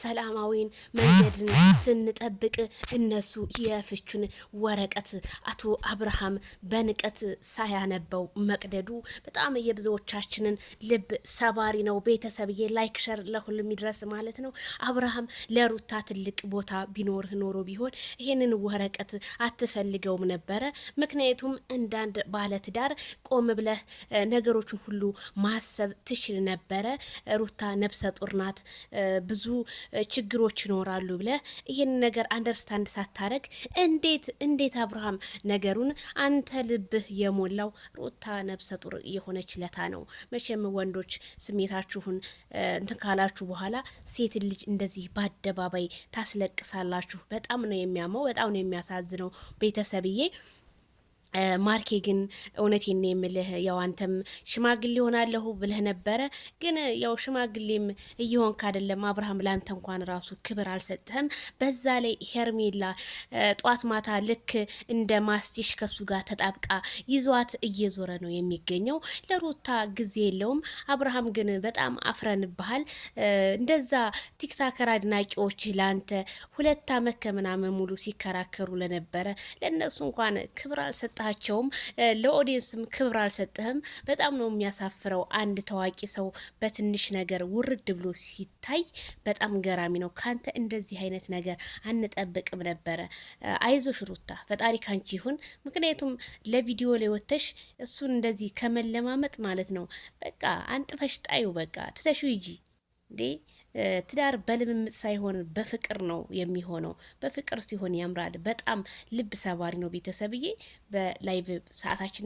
ሰላማዊን መንገድን ስንጠብቅ እነሱ የፍቹን ወረቀት አቶ አብርሃም በንቀት ሳያነበው መቅደዱ በጣም የብዙዎቻችንን ልብ ሰባሪ ነው። ቤተሰብዬ ላይክ ሸር ለሁሉም ይድረስ ማለት ነው። አብርሃም ለሩታ ትልቅ ቦታ ቢኖርህ ኖሮ ቢሆን ይህንን ወረቀት አትፈልገውም ነበረ። ምክንያቱም እንዳንድ ባለትዳር ቆም ብለህ ነገሮችን ሁሉ ማሰብ ትችል ነበረ። ሩታ ነፍሰ ጡር ናት ብዙ ችግሮች ይኖራሉ ብለ ይህን ነገር አንደርስታንድ ሳታረግ እንዴት እንዴት አብርሃም ነገሩን አንተ ልብህ የሞላው ሩታ ነብሰ ጡር የሆነች ለታ ነው። መቼም ወንዶች ስሜታችሁን እንትን ካላችሁ በኋላ ሴት ልጅ እንደዚህ በአደባባይ ታስለቅሳላችሁ። በጣም ነው የሚያመው፣ በጣም ነው የሚያሳዝነው ቤተሰብዬ ማርኬ ግን እውነቴን ነው የምልህ፣ ያው አንተም ሽማግሌ ሆናለሁ ብለህ ነበረ። ግን ያው ሽማግሌም እየሆንክ አይደለም። አብርሃም ለአንተ እንኳን ራሱ ክብር አልሰጥህም። በዛ ላይ ሄርሜላ ጧት ማታ ልክ እንደ ማስቲሽ ከሱ ጋር ተጣብቃ ይዟት እየዞረ ነው የሚገኘው። ለሩታ ጊዜ የለውም። አብርሃም ግን በጣም አፍረንብሃል። እንደዛ ቲክታከር አድናቂዎች ለአንተ ሁለት አመት ከምናምን ሙሉ ሲከራከሩ ለነበረ ለእነሱ እንኳን ክብር አልሰጥ አልሰጠሃቸውም፣ ለኦዲየንስም ክብር አልሰጥህም። በጣም ነው የሚያሳፍረው። አንድ ታዋቂ ሰው በትንሽ ነገር ውርድ ብሎ ሲታይ በጣም ገራሚ ነው። ካንተ እንደዚህ አይነት ነገር አንጠብቅም ነበረ። አይዞሽ ሩታ፣ ፈጣሪ ካንቺ ይሁን። ምክንያቱም ለቪዲዮ ላይ ወተሽ እሱን እንደዚህ ከመለማመጥ ማለት ነው በቃ አንጥፈሽ ጣዩ፣ በቃ ትተሹ ይጂ እንዴ ትዳር በልምምጥ ሳይሆን በፍቅር ነው የሚሆነው። በፍቅር ሲሆን ያምራል። በጣም ልብ ሰባሪ ነው ቤተሰብዬ። በላይቭ ሰዓታችን